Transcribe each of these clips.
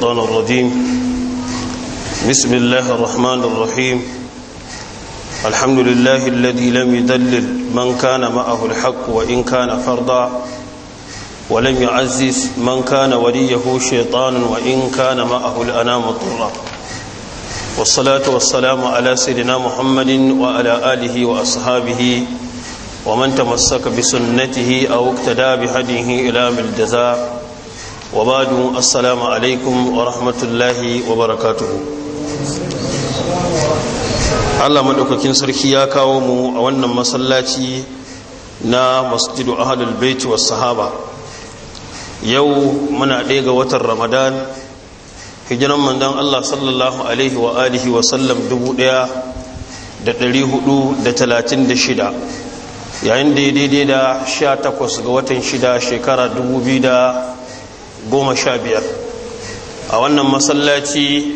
الشيطان الرجيم بسم الله الرحمن الرحيم الحمد لله الذي لم يدلل من كان معه الحق وإن كان فرضا ولم يعزز من كان وليه شيطان وإن كان معه الأنام طرا والصلاة والسلام على سيدنا محمد وعلى آله وأصحابه ومن تمسك بسنته أو اقتدى بهديه إلى من الجزاء وبعد السلام عليكم rahmatullahi wa وبركاته Allah maɗaukakin sarki ya kawo mu a wannan masallaci na masjidu ahlul bait was sahaba yau muna ɗaya ga watan Ramadan hijiran mandan Allah sallallahu alaihi wa da wa sallam 1436 yayin da daidai da sha takwas ga watan shida shekara 2000 goma sha biyar a wannan masallaci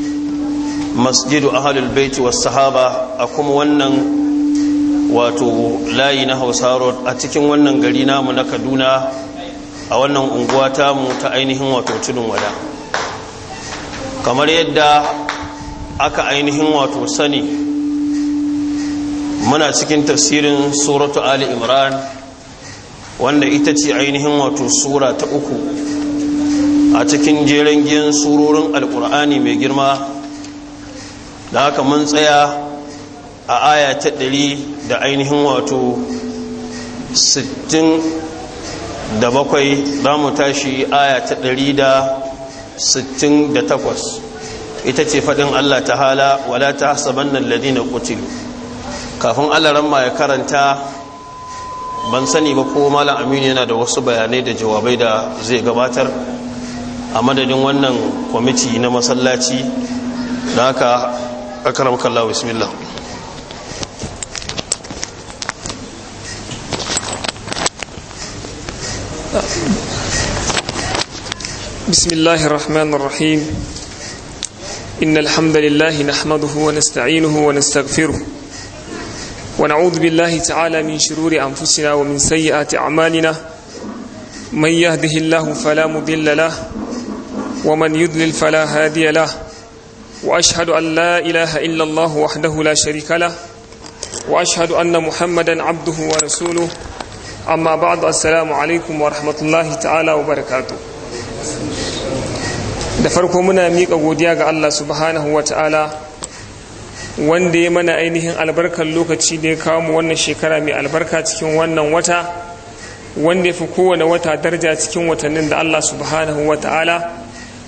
masjidu ahalul baiti was sahaba a kuma wannan wato layi na hausa road a cikin wannan gari namu na kaduna a wannan unguwa tamu ta ainihin wato tudun wada kamar yadda aka ainihin wato sani muna cikin tafsirin suratu ali imran wanda ita ce ainihin wato sura ta uku a cikin jeran giyan surorin alkur'ani mai girma da haka mun tsaya a aya ta ɗari da ainihin wato 67 za mu tashi aya ta ɗari da 68 ita ce faɗin allah ta hala wala ta hasaban nan ladina kutil kafin ma ya karanta ban sani ba ko malam aminu yana da wasu bayanai da jawabai da zai gabatar a madadin wannan kwamiti na masallaci da aka akara makallawa bismillah bismillahirrahmanirrahim innal hamdalillah nahmaduhu wa nasta'inuhu wa nastaghfiruh wa na'udhu billahi ta'ala min shururi anfusina wa min sayyiati a'malina may yahdihillahu fala mudilla lahu ومن يضلل فلا هادي له وأشهد أن لا إله إلا الله وحده لا شريك له وأشهد أن محمدا عبده ورسوله أما بعد السلام عليكم ورحمة الله تعالى وبركاته da farko muna miƙa godiya ga Allah subhanahu wa ta'ala wanda ya mana ainihin albarkar lokaci da ya kawo mu wannan shekara mai albarka cikin wannan wata wanda ya fi kowane wata daraja cikin watannin da Allah subhanahu wa ta'ala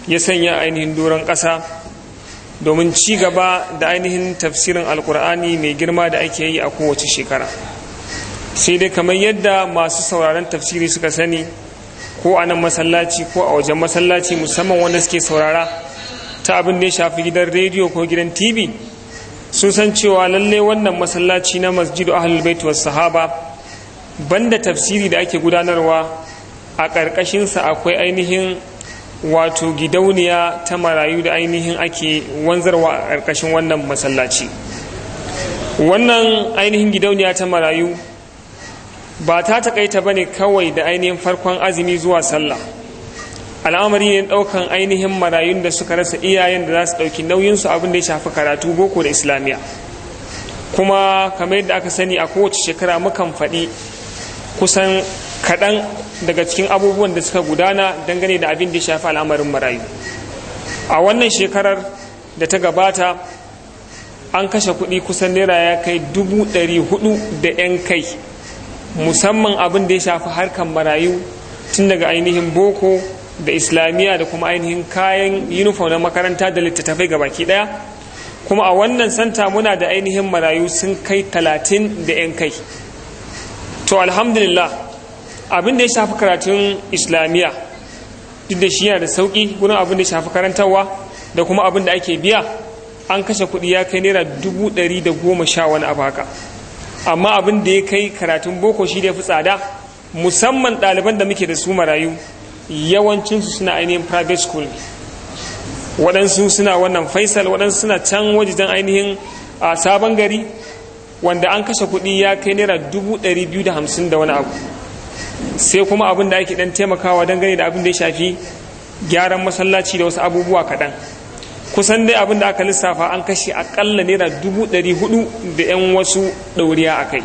ya sanya ainihin doron ƙasa domin ci gaba da ainihin tafsirin alkur'ani mai girma da ake yi a kowace shekara sai dai kamar yadda masu sauraron tafsiri suka sani ko a nan masallaci ko a wajen masallaci musamman wanda suke saurara ta abin da ya shafi gidan rediyo ko gidan tv sun san cewa lallai wannan masallaci na masjidu ahlul baitu was sahaba banda tafsiri da ake gudanarwa a ƙarƙashinsa akwai ainihin wato gidauniya ta marayu da ainihin ake wanzarwa a ƙarƙashin wannan masallaci wannan ainihin gidauniya ta marayu ba ta taƙaita ba ne kawai da ainihin farkon azumi zuwa sallah al'amari ne ɗaukan ainihin marayun da suka rasa iyayen da za su ɗauki nauyinsu abin da ya shafi karatu boko da islamiyya kuma kamar yadda aka sani a kowace shekara mukan faɗi kusan kaɗan daga cikin abubuwan da suka gudana dangane da abin da shafi al'amarin marayu a wannan shekarar da ta gabata an kashe kuɗi kusan naira ya kai dubu ɗari hudu da 'yan kai musamman abin da ya shafi harkar marayu tun daga ainihin boko da islamiyya da kuma ainihin kayan uniform na makaranta da littattafai ga baki ɗaya kuma a wannan santa muna da ainihin marayu sun kai talatin da 'yan kai to alhamdulillah abin da ya shafi karatun islamiyya duk da shi yana da sauƙi gurin abin da ya shafi karantarwa da kuma abin da ake biya an kashe kuɗi ya kai naira dubu ɗari da goma sha wani abu amma abin da ya kai karatun boko shi da ya fi tsada musamman ɗaliban da muke da su marayu yawancinsu suna ainihin private school waɗansu suna wannan faisal waɗansu suna can wajen ainihin a sabon gari wanda an kashe kuɗi ya kai naira dubu ɗari biyu da hamsin da wani abu sai kuma abin da ake dan taimakawa dangane da abin da ya shafi gyaran masallaci da wasu abubuwa kaɗan kusan dai abin da aka lissafa an kashe akalla naira dubu ɗari hudu da yan wasu ɗauriya a kai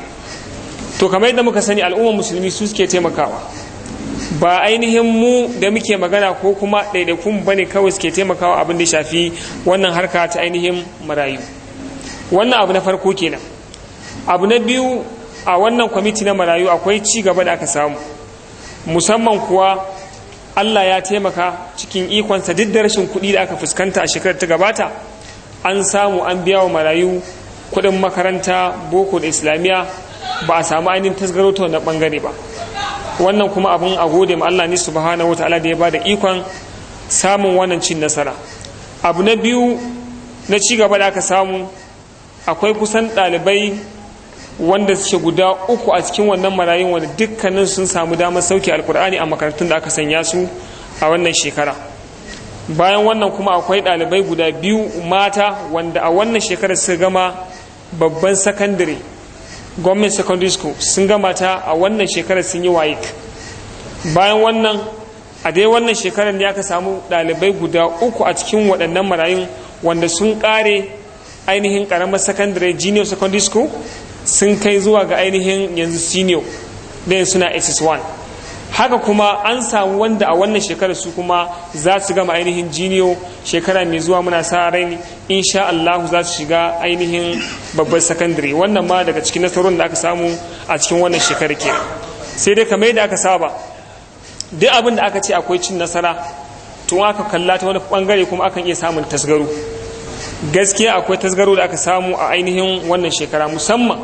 to kamar yadda muka sani al'ummar musulmi su suke taimakawa ba ainihin mu da muke magana ko kuma ɗaiɗaikun ba ne kawai suke taimakawa abin da shafi wannan harka ta ainihin marayu wannan abu na farko kenan abu na biyu a wannan kwamiti na marayu akwai ci gaba da aka samu musamman kuwa Allah ya taimaka cikin ikonsa duk da rashin kuɗi da aka fuskanta a shekarar ta gabata an samu an biya wa marayu kuɗin makaranta boko da islamiyya ba a samu ainihin tasgaro na ɓangare bangare ba wannan kuma abin a gode ma Allah ne subhanahu wa ta'ala da ya ba da ikon samun wannan cin nasara abu na biyu na ci gaba da aka samu akwai kusan ɗalibai wanda suke guda uku a cikin wannan marayun wanda dukkanin sun samu damar sauke alkur'ani a makarantun da aka sanya su a wannan shekara bayan wannan kuma akwai ɗalibai guda biyu mata wanda a wannan shekarar suka gama babban sakandare government secondary school sun gama ta a wannan shekarar sun yi waik bayan wannan a dai wannan shekarar ne aka samu ɗalibai guda uku a cikin waɗannan marayun wanda sun ƙare ainihin ƙaramar sakandare junior secondary school sun kai zuwa ga ainihin yanzu senior ɗayan suna ss1 haka kuma an samu wanda a wannan shekarar su kuma za su gama ainihin jiniyo shekara mai zuwa muna sa rai insha Allah za su shiga ainihin babbar secondary wannan ma daga cikin nasarorin da aka samu a cikin wannan shekarar ke sai dai kamar yadda aka saba duk abin da aka ce akwai cin nasara tun aka kalla ta wani bangare kuma akan iya samun tasgaro gaskiya akwai tasgaro da aka samu a ainihin wannan shekara musamman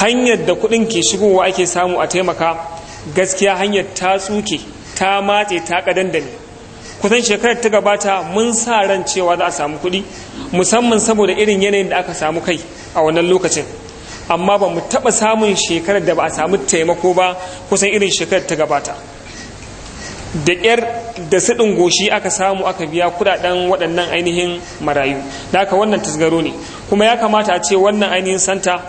hanyar da kuɗin ke shigowa ake samu a taimaka gaskiya hanyar ta tsuke ta matse ta kadandane kusan shekarar ta gabata mun sa ran cewa za a samu kuɗi musamman saboda irin yanayin da aka samu kai a wannan lokacin amma ba mu taɓa samun shekarar da ba a samu taimako ba kusan irin shekarar ta gabata da ƙyar da siɗin goshi aka samu aka biya kuɗaɗen waɗannan ainihin marayu da aka wannan tasgaro ne kuma ya kamata a ce wannan ainihin santa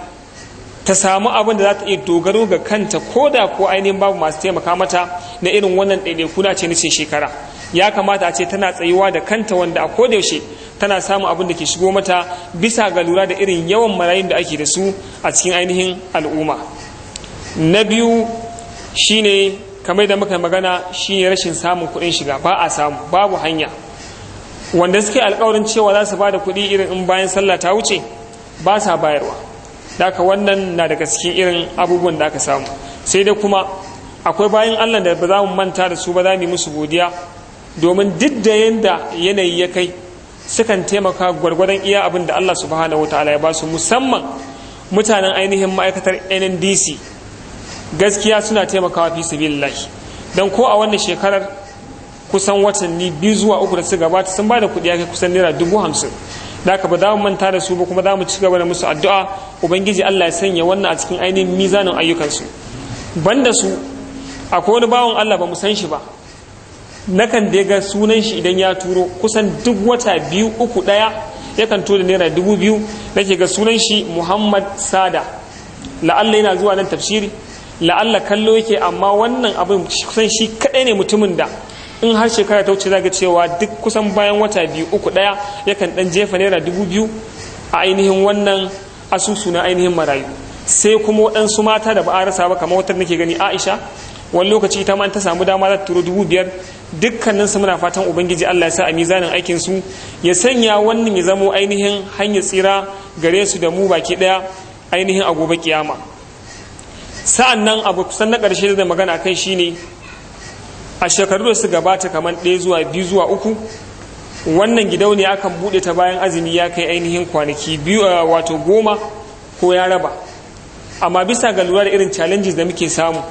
ta samu abin da za ta iya dogaro ga kanta ko da ko ainihin babu masu taimaka mata na irin wannan ɗaiɗaiku na ce nace shekara ya kamata a ce tana tsayuwa da kanta wanda a ko yaushe tana samun abin da ke shigo mata bisa ga lura da irin yawan marayun da ake da su a cikin ainihin al'umma na biyu shine kamar da muka magana shi ne rashin samun kuɗin shiga ba a samu babu hanya wanda suke alkawarin cewa za su da kuɗi irin in bayan sallah ta wuce ba sa bayarwa daka wannan na daga cikin irin abubuwan da aka samu sai dai kuma akwai bayan allah da ba za mu manta da su ba za mu yi musu godiya domin duk da yadda yanayi ya kai sukan taimaka gwargwadon iya abin da allah subhanahu wataala ya ba su musamman mutanen ainihin ma'aikatar nndc gaskiya suna taimakawa fi sabilillahi don ko a wannan shekarar kusan watanni biyu zuwa uku da su gabata sun bada kuɗi ya kai kusan naira dubu hamsin da aka ba za mu manta da su ba kuma za mu ci gaba da musu addu'a ubangiji Allah ya sanya wannan a cikin ainihin mizanin ayyukansu ban da su akwai wani bawan Allah ba mu san shi ba nakan da ga sunan shi idan ya turo kusan duk wata biyu uku ɗaya yakan tura naira dubu biyu nake ga sunan shi Muhammad Sada la'alla yana zuwa nan tafsiri la'alla kallo yake amma wannan abin kusan shi kadai ne mutumin da in har shekara ta wuce zaga cewa duk kusan bayan wata biyu uku daya yakan dan jefa naira dubu biyu a ainihin wannan asusu na ainihin marayu sai kuma waɗansu mata da ba a rasa ba kamar wata nake gani aisha wani lokaci ita ma ta samu dama za ta turo dubu biyar dukkanin su muna fatan ubangiji allah ya sa a mizanin aikin su ya sanya wannan ya zamo ainihin hanyar tsira gare su da mu baki ɗaya ainihin a gobe kiyama sa'an nan abu kusan na ƙarshe da magana kai shine a shekaru da su gabata kamar ɗaya zuwa biyu zuwa uku wannan gidau ne akan buɗe ta bayan azumi ya kai ainihin kwanaki biyu eh, wato goma ko ya raba amma bisa ga lura da irin challenges da muke samu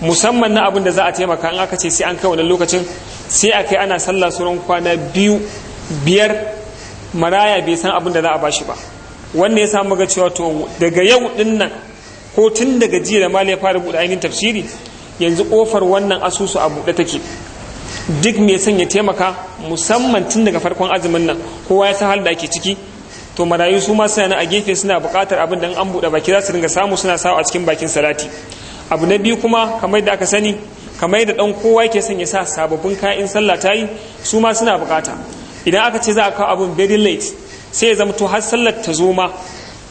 musamman na abin da za a taimaka in aka ce sai an kai wani lokacin sai a kai ana sallah sauran kwana biyu biyar maraya bai san abin da za a ba shi ba wannan ya samu ga cewa to daga yau din nan ko tun daga jiya da mali ya fara buɗe ainihin tafsiri yanzu ƙofar wannan asusu a buɗe take duk mai son ya taimaka musamman tun daga farkon azumin nan kowa ya san da ake ciki to marayu su ma suna nan a gefe suna buƙatar abin da an buɗe baki za su dinga samu suna sawa a cikin bakin salati abu na biyu kuma kamar da aka sani kamar da ɗan kowa ke son ya sa sababbin kayan sallah ta yi su ma suna buƙata idan aka ce za a kawo abin very late sai ya zama to har sallar ta zo ma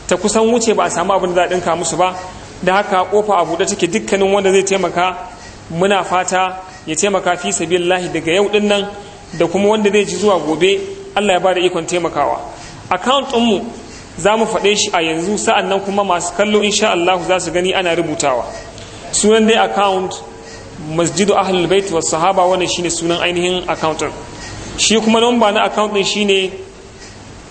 ta kusan wuce ba a samu abin da za a ɗinka musu ba da haka kofa a buɗe take dukkanin wanda zai taimaka muna fata ya taimaka fi lahi daga yau din nan da kuma wanda zai ji zuwa gobe Allah ya bada ikon taimakawa account din mu za mu faɗe shi a yanzu sa'an nan kuma masu kallo insha Allah za su gani ana rubutawa sunan dai account masjidu ahlul bait was sahaba wannan shine sunan ainihin account shi kuma number na account din shine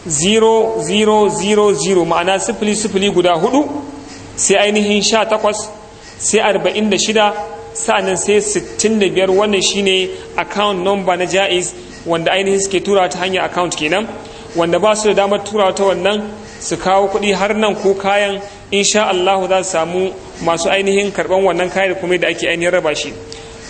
0000 ma'ana sifili sifili guda hudu sai ainihin sha takwas sai arba'in da shida sa'annan sai sittin da biyar wannan shine account number na jais wanda ainihin suke tura ta hanyar account kenan wanda ba su da damar tura ta wannan su kawo kuɗi har nan ko kayan insha Allah za su samu masu ainihin karɓan wannan kayan da kuma da ake ainihin raba shi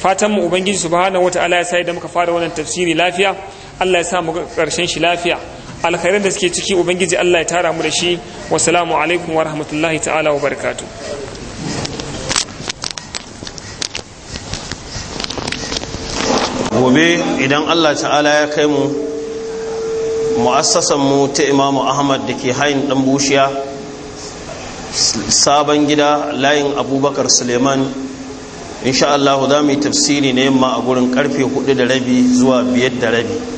fatan mu ubangiji subhanahu wataala ya sai da muka fara wannan tafsiri lafiya Allah ya sa mu ga ƙarshen shi lafiya alkhairan da suke ciki ubangiji Allah ya tara mu da shi salamu alaikum wa rahmatullahi ta'ala wa barakatu gobe idan allah ta'ala ya kai mu mu'assasan mu ta imamu ahmad da ke hain dan bushiya sabon gida layin abubakar suleiman insha allahu za mu yi tafsiri na yamma a gurin karfe 4 da rabi zuwa 5 da rabi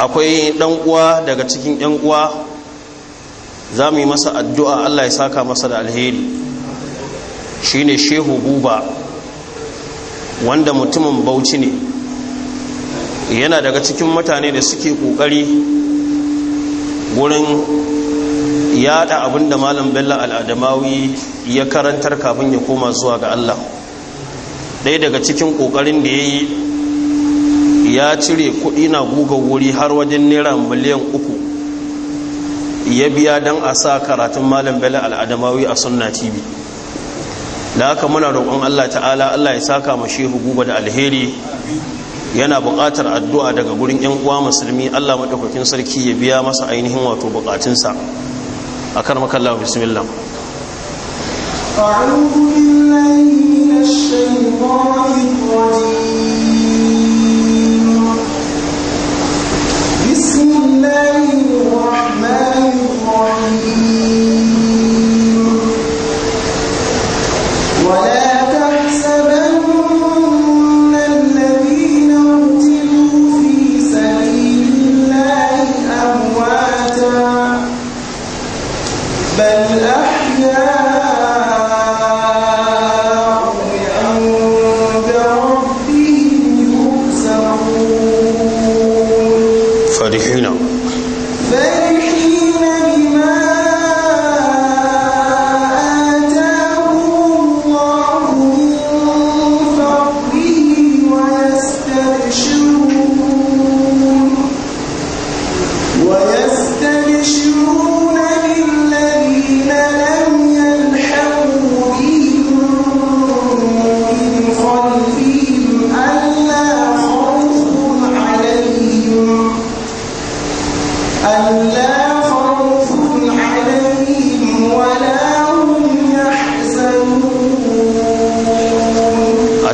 akwai dan uwa daga cikin yan uwa za mu yi masa addu'a Allah ya saka masa da alheri shine shehu buba wanda mutumin bauchi ne yana daga cikin mutane da suke kokari wurin yada abin da malam bello al'adamawi ya karantar kafin ya koma zuwa ga Allah ɗaya daga cikin ƙoƙarin da ya yi ya cire kudi na guga wuri har wajen naira miliyan uku ya biya don a sa karatun malam bala al'adamawi a sunna tv da haka muna roƙon allah ta'ala allah ya saka ma shehu guba da alheri yana buƙatar addu'a daga gurin 'yan uwa musulmi allah maɗaukakin sarki ya biya masa ainihin wato buƙatunsa a kan bismillah أعوذ بالله من الشيطان الرجيم ولا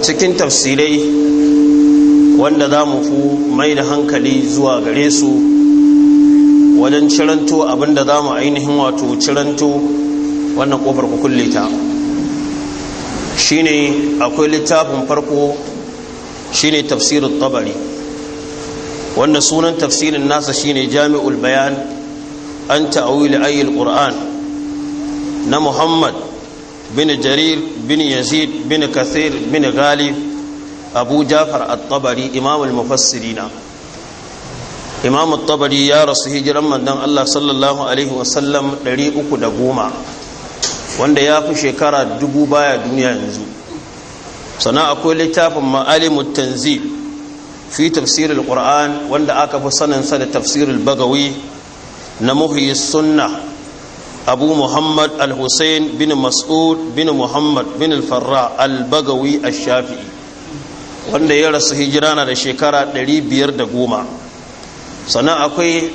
a cikin tafsirai wanda za mu fi mai da hankali zuwa gare su wajen ciranto abinda za mu ainihin wato ciranto wannan kofar ku kulle ta shine akwai littafin farko shine tafsirin tabari wanda sunan tafsirin nasa shine jami'ul bayan an ta'awili ayyul qur'an na muhammad بن جرير بن يزيد بن كثير بن غالب أبو جعفر الطبري إمام المفسرين إمام الطبري يا رسول هجرا من الله صلى الله عليه وسلم دري أكو دقوما wanda ya fi shekara dubu baya duniya yanzu sannan akwai littafin ma'alimu tanzil fi tafsirul qur'an wanda aka fi saninsa da tafsirin bagawi na muhyi sunna Abu أبو محمد bin Mas'ud bin Muhammad محمد al bagawi البغوي shafi'i wanda ya rasu hijira na da shekara 510 sannan akwai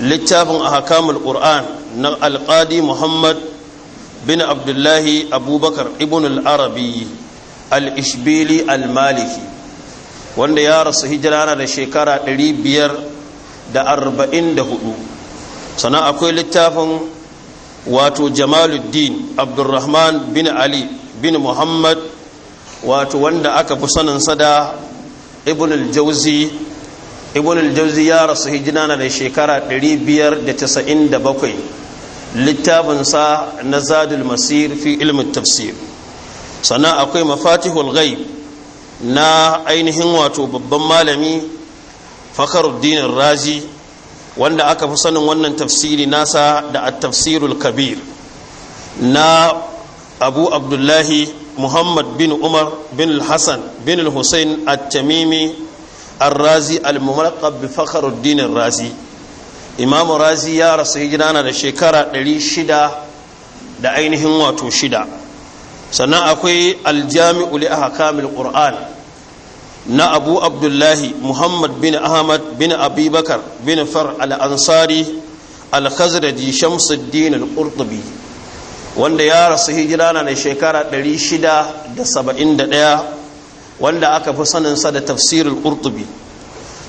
littafin ahkamul qur'an na alqadi muhammad bin abdullahi abubakar ibn al-arabi al-ishbili al-maliki wanda ya rasu hijira na da shekara 544 sannan akwai littafin wato jamaluddin abdurrahman bin ali bin muhammad wato wanda aka fi saninsa da ibn al-jauzi ibn jauzi ya rasu hijina na da shekara 597 littafinsa na zadul masir fi ilmin tafsir sannan akwai mafatihul ghaib na ainihin wato babban malami fakhruddin razi wanda aka fi sanin wannan tafsiri nasa da at-tafsirul kabir na abu abdullahi muhammad bin umar bin hassan bin hussein at-tamimi al razi al bi fakhruddin razi imam razi ya rasu hijira na da shekara 600 da ainihin wato shida sannan akwai al-jami'u li ahkamil qur'an na abu abdullahi muhammad bin ahmad bin abubakar bin far al-ansari al-khazraji shamsuddin al-qurtubi wanda ya rasu hijira na da shekara 671 wanda aka fi saninsa da tafsirin qurtubi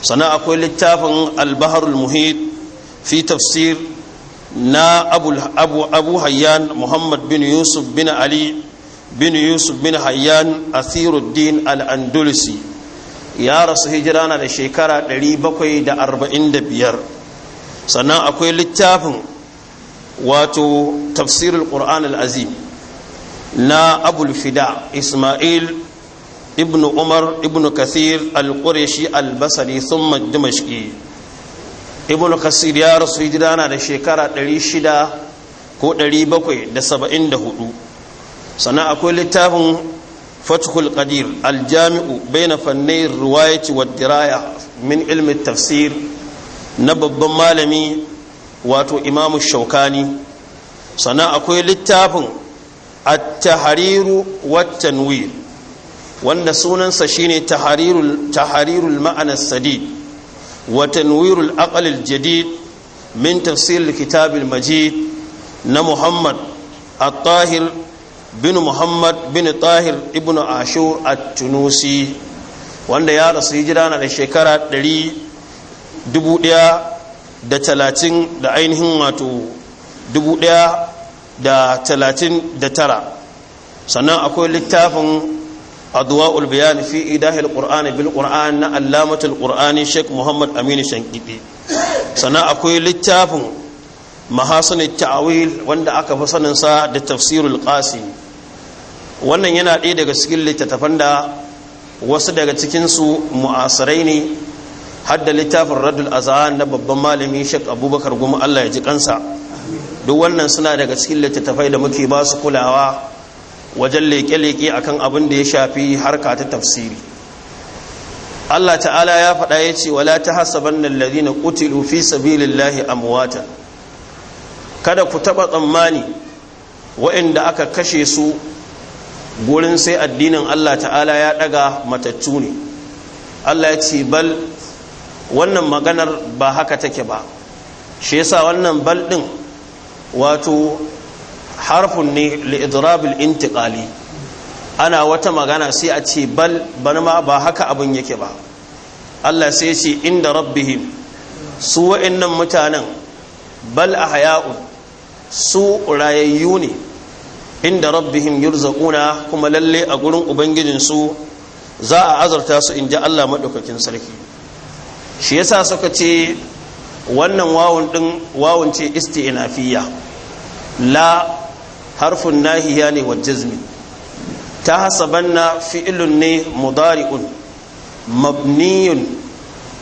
sana akwai littafin al-baharul fi tafsir na abu hayyan muhammad bin yusuf bin ali bin yusuf bin hayyan asiruddin al-andalusi ya rasu hijira na da shekara 745 sannan akwai littafin wato tafsirul ƙur'an al'azim na abul fida isma'il ibn umar ibn kathir al-qurashi al-basri thumma dimashqi ibn kathir ya rasu hijira na da shekara 600 ko 774 sannan akwai littafin فتح القدير الجامع بين فني الرواية والدراية من علم التفسير نبب مالمي واتو إمام الشوكاني صنع أكوي للتاب التحرير والتنوير وأن سونا سشيني تحرير, تحرير المعنى السديد وتنوير الأقل الجديد من تفسير الكتاب المجيد نمحمد الطاهر bin muhammad bin tahir ibn ashur a tunusi wanda ya rasu hijira na da shekara 1130 da ainihin wato tara sannan akwai littafin adwa'ul bayan fi idahil qur'ani bil qur'an na allamatul qur'ani sheikh muhammad amin shankidi sannan akwai littafin mahasin ta'awil wanda aka fi sanin sa da tafsirul qasimi wannan yana ɗaya daga cikin littattafan da wasu daga cikinsu mu'asirai ne hadda littafin radul azan na babban malami shek abubakar goma allah ya ji kansa duk wannan suna daga cikin littattafai da muke ba su kulawa wajen leƙe-leƙe kan abin da ya shafi harka ta tafsiri allah ta'ala ya faɗa ya ce wala ta hasaban nan lalina kutilu fi sabilillahi amwata kada ku taɓa tsammani wa'inda aka kashe su gurin sai addinin Allah ta'ala ya daga matattu ne Allah ya ce bal wannan maganar ba haka take ba shi yasa wannan bal din wato harfun ne li'idrabil intiqali ana wata magana sai a ce bal bana ma ba haka abin yake ba Allah sai ya ce inda rabbihim su wa'annan mutanen bal ahya'un su rayayyu ne inda rabbihim yurzaquna kuma lalle a gurin ubangijin su za a azarta su in ji Allah madaukakin sarki shi yasa suka ce wannan wawun din wawun ce isti'nafiyya la harfun nahiya ne wa jazmi ta hasabanna fi'ilun ne mudari'un mabniyun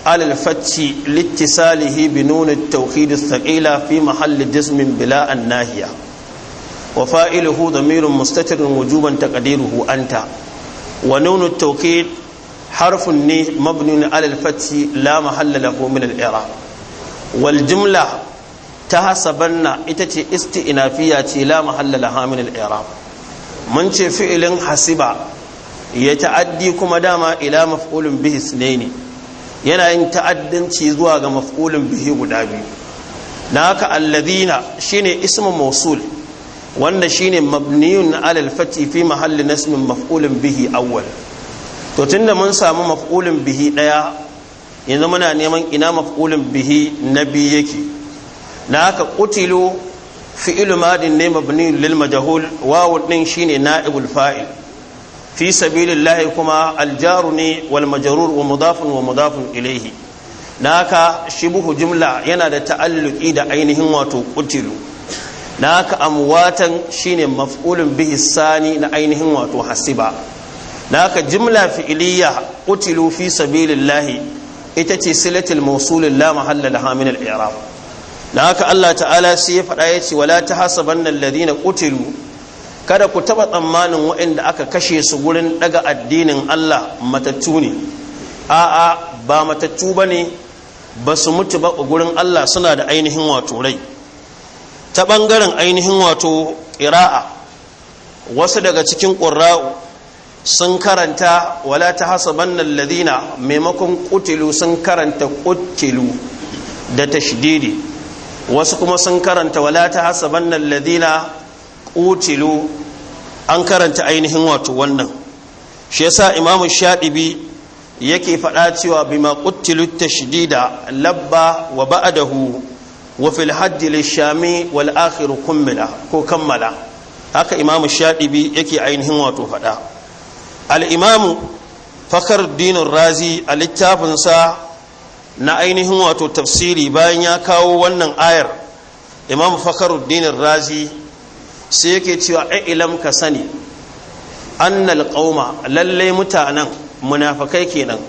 على الفتح لاتصاله بنون thaqila fi muhalli jazmin bila an nahiya. وفائله ضمير مستتر وجوبا تقديره أنت ونون التوكيد حرف مبني على الفتح لا محل له من الإعراب والجملة تحسبن إتتي استئنافية لا محل لها من الإعراب من فعل حسب يتعدي كما دام إلى مفعول به اثنين yana yin ta'addanci zuwa ga maf'ulin bihi guda biyu na haka alladhina shine ismu mausul wanda shine mabniyun alal fati fi mahalli nasmin maf'ulun bihi awwal to tunda mun samu maf'ulin bihi daya yanzu muna neman ina maf'ulin bihi na biyu yake da haka qutilu fi'lu madin ne mabni lil majhul wawu din shine na'ibul fa'il fi sabilillahi kuma aljaru ne wal majrur wa mudafun wa mudafun ilayhi da haka shibhu jumla yana da ta'alluqi da ainihin wato qutilu na haka amwatan shine maf'ulun bihi sani na ainihin wato hasiba na haka jimla fi'iliya qutilu fi sabilillahi ita ce silatul mawsulin la mahalla laha min al-i'rab na haka Allah ta'ala sai ya faɗa yace wala tahasabanna alladhina qutilu kada ku taba tsammanin waɗanda aka kashe su gurin daga addinin Allah matattu ne a'a ba matattu bane ba su mutu ba gurin Allah suna da ainihin wato rai ta ɓangaren ainihin wato ƙira'a wasu daga cikin ƙura'u sun karanta wala ta hasaban nan ladina maimakon ƙutilu sun karanta ƙutilu da tashdidi wasu kuma sun karanta wala ta hasaban nan ladina ƙutilu an karanta ainihin wato wannan shi yasa imamu shaɗibi yake faɗa cewa bima ƙutilu tashidida labba wa ba'adahu wa fil lishami wal akhiru kummila ko kammala haka imamu shadibi yake ainihin wato faɗa al imamu fakar dinin razi a littafinsa na ainihin wato tafsiri bayan ya kawo wannan ayar imamu fakar dinin razi sai yake cewa ilam ka sani annal qauma lallai mutanen munafakai kenan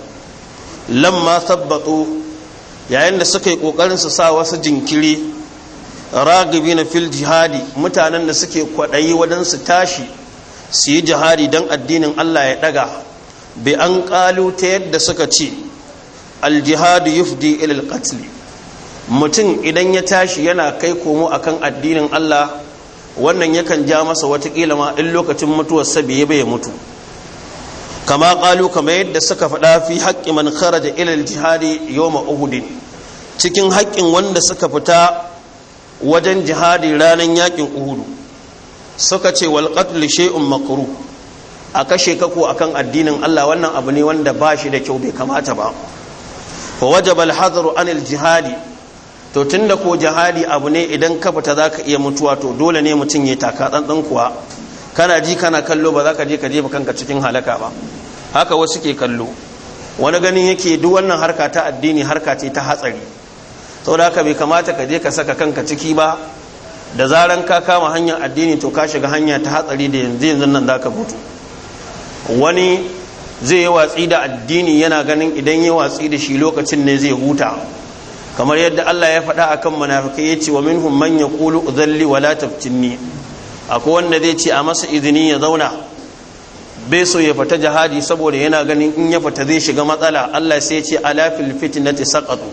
lamma sabbatu yayin da suka yi kokarin su sa wasu jinkiri ragabi na fil jihadi mutanen da suke kwaɗayi waɗansu tashi su yi jihadi don addinin Allah ya ɗaga bai an ƙalu ta yadda suka ce aljihadu yufdi ilil katli mutum idan ya tashi yana kai komo a kan addinin Allah wannan yakan ja masa watakila ma in lokacin mutuwarsa bai bai mutu kama kalu kama yadda suka faɗa fi haƙƙi man kharaja ilal jihadi yawm uhudin cikin haƙƙin wanda suka fita wajen jihadi ranar yakin uhudu suka ce wal qatl shay'un a kashe kako akan addinin Allah wannan abu ne wanda ba shi da kyau bai kamata ba fa wajaba al-hadru anil jihadi to tunda ko jihadi abu ne idan ka fita zaka iya mutuwa to dole ne mutum ya taka tsantsan kuwa kana ji kana kallo ba za ka je ka jefa kanka cikin halaka ba haka wasu ke kallo wani ganin yake duk wannan harka ta addini harka ce ta hatsari saboda haka bai kamata ka je ka saka kanka ciki ba da zaran ka kama hanyar addini to ka shiga hanya ta hatsari da yanzu yanzu nan za ka mutu wani zai yi watsi da addini yana ganin idan yi watsi da shi lokacin ne zai huta kamar yadda Allah ya faɗa akan yi yace wa minhum man kulu uzalli wala taftinni akwai wanda zai ce a masa izini ya zauna bai so ya fita jihadi saboda yana ganin in ya fita zai shiga matsala Allah sai ce ala fil fitnati saqatu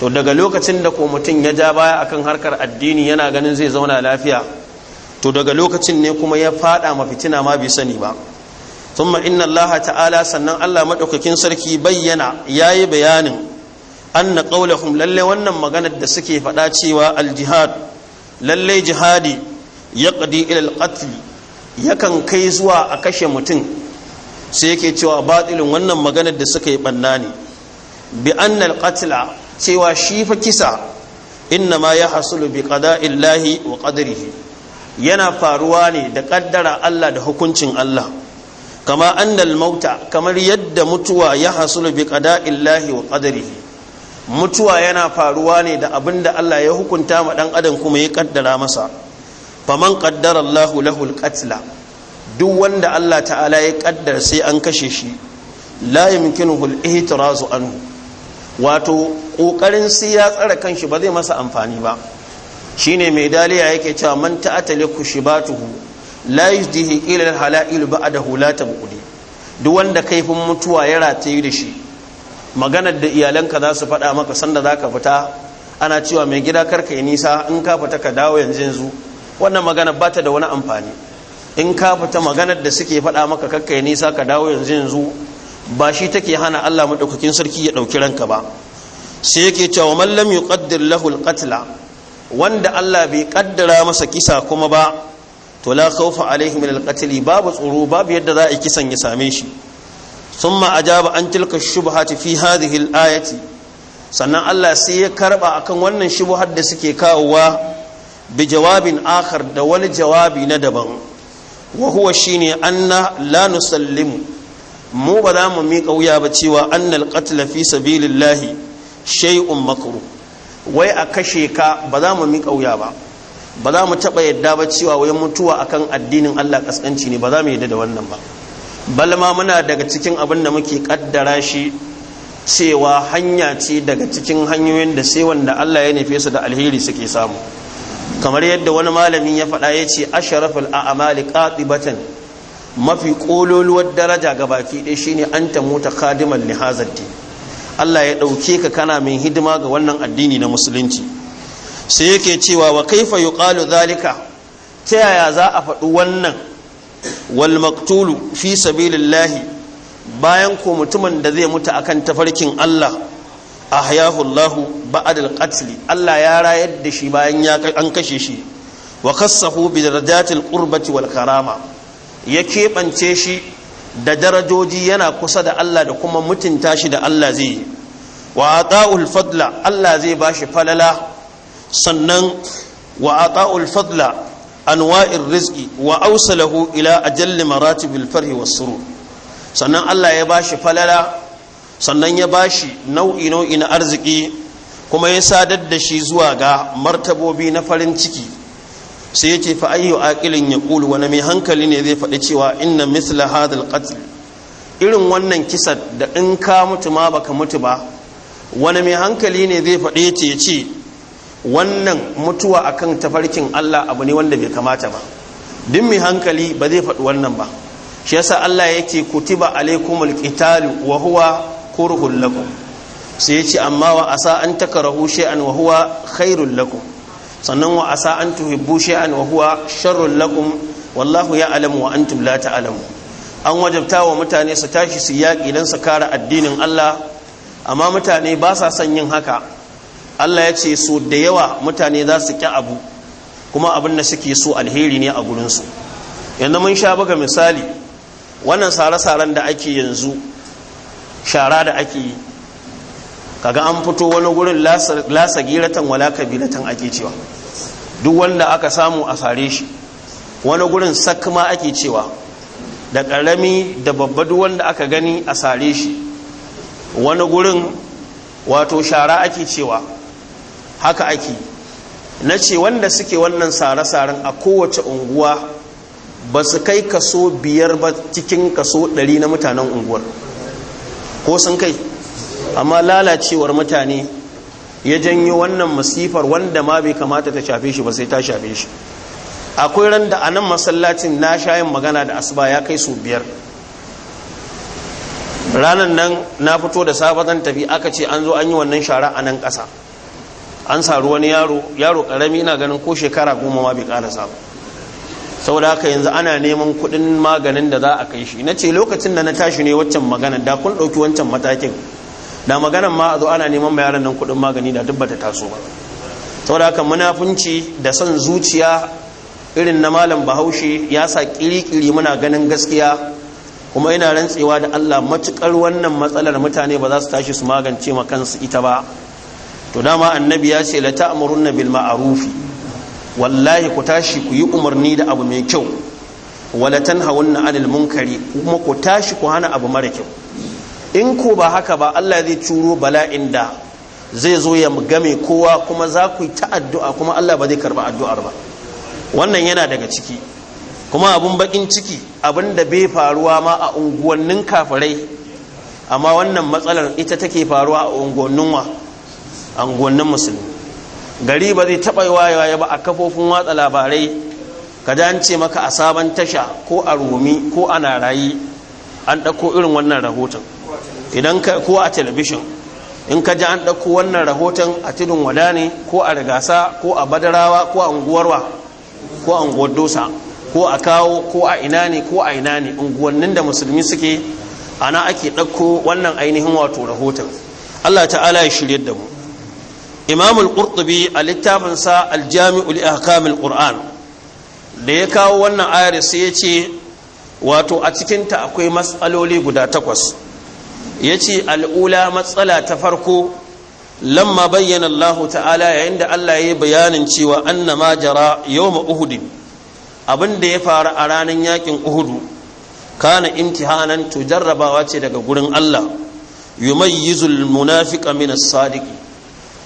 to daga lokacin da ko mutum ya ja baya akan harkar addini yana ganin zai zauna lafiya to daga lokacin ne kuma ya fada ma fitina ma bai sani ba thumma inna Allah ta'ala sannan Allah madaukakin sarki bayyana yayi bayanin anna qawlahum lalle wannan maganar da suke faɗa cewa al jihad lalle jihadi yaqdi ila al yakan kai zuwa a kashe mutum sai yake cewa batilin wannan maganar da suka yi ɓanna ne bi anna cewa shi fa kisa inna ma ya hasulu bi illahi wa qadarihi yana faruwa ne da kaddara Allah da hukuncin Allah kama anna mauta kamar yadda mutuwa ya hasulu bi illahi wa qadarihi mutuwa yana faruwa ne da abin da Allah ya hukunta ma ɗan adam kuma ya ƙaddara masa faman qaddara Allah lahu alqatla duk wanda Allah ta'ala ya kaddar sai an kashe shi la yumkinuhu al-ihtirazu anhu wato kokarin sai ya tsara kanshi ba zai masa amfani ba shine mai daliya yake cewa man ta'atali kushibatuhu la yujdihi ila al-hala'il ba'dahu la tabqudi duk wanda kaifin mutuwa ya rataye da shi maganar da iyalanka za su faɗa maka sanda zaka fita ana cewa mai gida karka yi nisa in ka fita ka dawo yanzu yanzu wannan magana ba ta da wani amfani in ka fita maganar da suke faɗa maka kakka ya nisa ka dawo yanzu yanzu ba shi take hana Allah maɗaukakin sarki ya ɗauki ranka ba sai yake cewa man lam yuqaddir lahul alqatla wanda Allah bai kaddara masa kisa kuma ba to la khawfa alaihim min babu tsoro babu yadda za a kisan ya same shi thumma ajaba an tilka shubhati fi hadhihi alayati sannan Allah sai ya karba akan wannan shubhar da suke kawowa bi jawabin akhar da wani jawabi na daban wa huwa shine anna la nusallimu mu ba za mu miƙa wuya ba cewa annal qatl fi sabilillahi shay'un makruh wai a kashe ka ba za mu miƙa wuya ba ba za mu taɓa yadda ba cewa wai mutuwa akan addinin Allah kaskanci ne ba za mu yadda da wannan ba ma muna daga cikin abin da muke kaddara shi cewa hanya ce daga cikin hanyoyin da sai wanda Allah ya nufe su da alheri suke samu kamar yadda wani malamin ya faɗa ya ce asharafal a'amali batan mafi ƙololuwar daraja ga baki ɗaya shine an ta mota khadiman li Allah ya ɗauke ka kana min hidima ga wannan addini na musulunci sai yake cewa wa kaifa yuqalu zalika ta yaya za a faɗi wannan wal maktulu fi sabilillahi bayan ko mutumin da zai mutu akan tafarkin Allah ahyahullahu Allah ba'd qatl Allah ya rayar da shi bayan ya an kashe shi wa khassahu bi darajatil qurbati wal karama ya keɓance shi da darajoji yana kusa da Allah da kuma mutunta shi da Allah zai yi wa ata'ul fadla Allah zai bashi falala sannan wa ata'ul fadla anwa'ir rizqi wa awsalahu ila ajalli maratibil farhi was surur sannan Allah ya bashi falala sannan ya ba shi nau'i nau'i na arziki kuma ya sadar da shi zuwa ga martabobi na farin ciki sai yace fa ayyu aqilin yaqulu wani mai hankali ne zai faɗi cewa inna misla hadal qatl irin wannan kisan da in ka mutu ma baka mutu ba wani mai hankali ne zai faɗi ce ce wannan mutuwa akan tafarkin Allah abu ne wanda bai kamata ba duk mai hankali ba zai faɗi wannan ba shi yasa Allah yake kutiba alaikumul qitalu wa huwa kurhun lakum sai ya ce amma wa asa an takarahu shay'an wa huwa khairul lakum sannan wa asa an tuhibbu shay'an wa huwa sharrul lakum wallahu ya'lamu wa antum la alamu an wajabta wa mutane su tashi su yaƙi dan su kare addinin Allah amma mutane ba sa son yin haka Allah ya ce so da yawa mutane za su ƙi abu kuma abin da suke so alheri ne a gurinsu yanzu mun sha buga misali wannan sare-saren da ake yanzu shara da ake yi kaga an fito wani gurin lasa giratan wala kabilatan ake cewa duk wanda aka samu a sare shi wani gurin sakma ake cewa da ƙarami da babba duk wanda aka gani a sare shi wani gurin wato shara ake cewa haka ake na ce wanda suke wannan sare-saren a kowace unguwa ba su kai kaso biyar ba cikin kaso ɗari na mutanen unguwar ko sun kai amma lalacewar mutane ya janyo wannan masifar wanda ma bai kamata ta shafe shi ba sai ta shafe shi akwai ran da a nan masallacin na shayin magana da asuba ya kai su biyar ranan nan na fito da zan tafi aka ce an zo an yi wannan shara a nan ƙasa an saru wani yaro yaro ƙarami ina ganin ko shekara goma ma bai ƙarasa ba saboda haka yanzu ana neman kuɗin maganin da za a kai shi na ce lokacin da na tashi ne waccan magana da kun ɗauki wancan matakin da maganan ma a zo ana neman ma yaran nan kuɗin magani da duk bata taso ba saboda haka munafunci da son zuciya irin na malam bahaushe ya sa kiri-kiri muna ganin gaskiya kuma ina rantsewa da Allah matukar wannan matsalar mutane ba za su tashi su magance ma kansu ita ba to dama annabi ya ce la ta'murunna bil ma'rufi wallahi ku tashi ku yi umarni da abu mai kyau wala tanhawunna anil munkari kuma ku tashi ku hana abu mara kyau in ko ba haka ba Allah zai turo bala'in da zai zo ya game kowa kuma za ku yi ta addu'a kuma Allah ba zai karba addu'ar ba wannan yana daga ciki kuma abun bakin ciki abin da bai faruwa ma a unguwannin kafirai amma wannan matsalar ita take faruwa a unguwannin wa unguwannin musulmi gari ba zai taɓa wayewa ba a kafofin watsa labarai ka an ce maka a sabon tasha ko a rumi ko a narayi an ɗauko irin wannan rahoton idan ka ko a telebishin in ka ji an ɗauko wannan rahoton a tudun wada ne ko a rigasa ko a badarawa ko a unguwarwa ko a unguwar dosa ko a kawo ko a ina ne ko a ina ne unguwannin da musulmi suke ana ake ɗauko wannan ainihin wato rahoton allah ta'ala ya shirya da mu imam al-qurtubi a littafin sa al-jami'u ahkam al-qur'an da ya kawo wannan ayar sai ya ce wato a cikin ta akwai matsaloli guda takwas yace ce al'ula matsala ta farko lamma bayyana allahu ta'ala yayin da Allah ya yi bayanin cewa annama jara ma uhudin abin da ya faru a ranar yakin uhudu kana imtihanan to jarrabawa ce daga gurin Allah yumayyizul munafiqa min as-sadiqi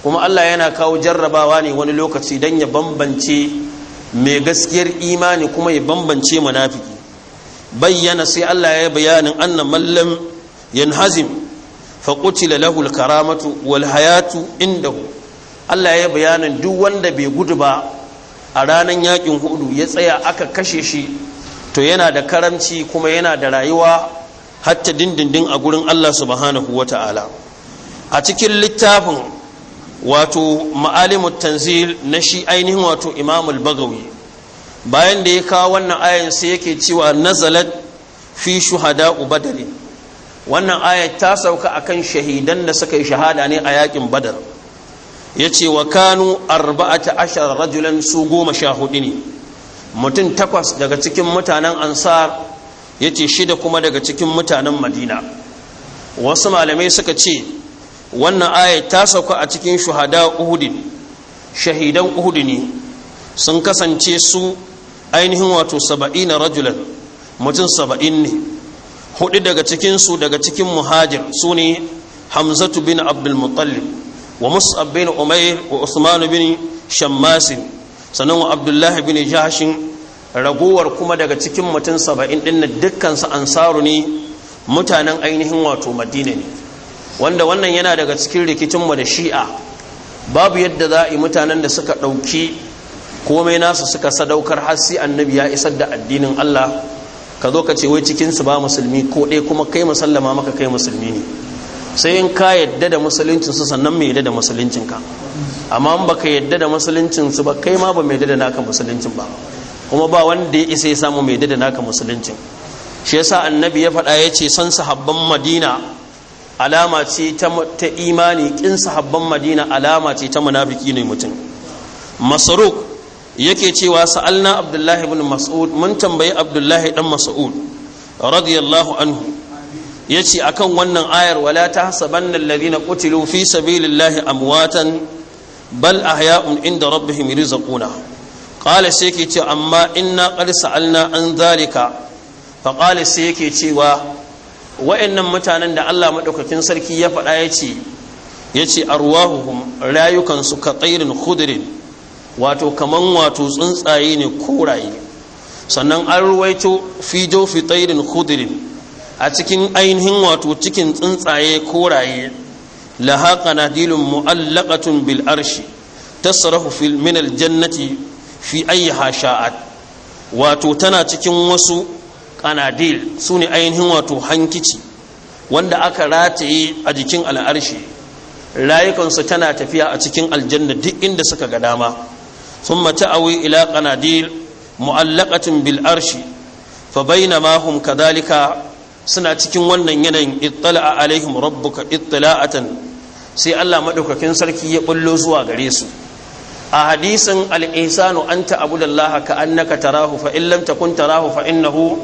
kuma Allah yana kawo jarrabawa ne wani lokaci don ya bambance mai gaskiyar imani kuma ya bambance munafiki bayyana sai Allah ya bayanin annan mallam yanhazim fa da lahu karamatu wal hayatu indahu Allah ya bayanin duk wanda bai gudu ba a ranar yakin hudu ya tsaya aka kashe shi to yana da karamci kuma yana da rayuwa hatta dindindin a gurin Allah subhanahu wata'ala a cikin littafin wato ma'alimut tanzil na shi ainihin wato imamul bagawi bayan da ya kawo wannan ayan sai yake cewa nazalat fi shuhada ubadari wannan ayat ta sauka a kan shahidan da suka yi shahada ne a yakin badar ya ce wa kanu arba'ata ashar rajulan su goma sha hudu ne mutum takwas daga cikin mutanen ansar ya ce shida kuma daga cikin mutanen madina wasu malamai suka ce wannan aya ta sauka a cikin shuhada uhudin shahidan uhudin ne sun kasance su ainihin wato na rajulan mutum saba'in ne hudu daga cikinsu daga cikin muhajir su ne hamzatu bin abdulmutallib wa mus'ab bin umair wa usman bin shammasin sannan wa abdullahi bin jahashin ragowar kuma daga cikin mutum saba'in ɗin dukkansu ansaru ne mutanen ainihin wato madina ne wanda wannan yana daga cikin rikicinmu da shi'a babu yadda za a yi mutanen da suka ɗauki komai nasu suka sadaukar har annabi ya isar da addinin Allah ka zo ka ce wai cikinsu ba musulmi ko ɗaya kuma kai musallama maka kai musulmi ne sai in ka yadda da musuluncinsu sannan mai yadda da musuluncinka amma in baka yadda da musuluncinsu ba kai ma ba mai yadda naka musuluncin ba kuma ba wanda ya isa ya samu mai yadda naka musuluncin shi yasa annabi ya faɗa ya ce san sahabban madina alama ce ta imani kin sahabban madina alama ce ta munafiki ne mutum masaruk yake cewa sa'alna abdullahi ibn mas'ud mun tambayi abdullahi dan mas'ud radiyallahu anhu yace akan wannan ayar wala tahsabanna alladhina qutilu fi sabilillahi amwatan bal ahya'un inda rabbihim yurzaquna qala sai yake ce amma inna qad sa'alna an dhalika fa qala sai yake cewa wa'annan mutanen da Allah madaukakin sarki ya faɗa ya ce ya ce arwahuhum rayukansu ka tsairin hudurin wato kaman wato tsuntsaye ne koraye sannan an ruwaito fi jofi tsairin hudurin a cikin ainihin wato cikin tsuntsaye koraye na dilin mu'allakatun bil arshi bil'arshi ta sarrafa jannati fi ayyaha sha'at wato tana cikin wasu qanadil su ne ainihin wato hankici wanda aka rataye a jikin al'arshi rayukansu tana tafiya a cikin aljanna duk inda suka ga dama sun ثم تأوي إلى قناديل معلقة fa فبينما هم كذلك suna cikin wannan yanayin ittala alaihim rabbuka ittila'atan sai Allah madaukakin sarki ya bullo zuwa gare su a hadisin al-ihsanu anta abudallaha ka annaka tarahu fa in lam takun tarahu fa innahu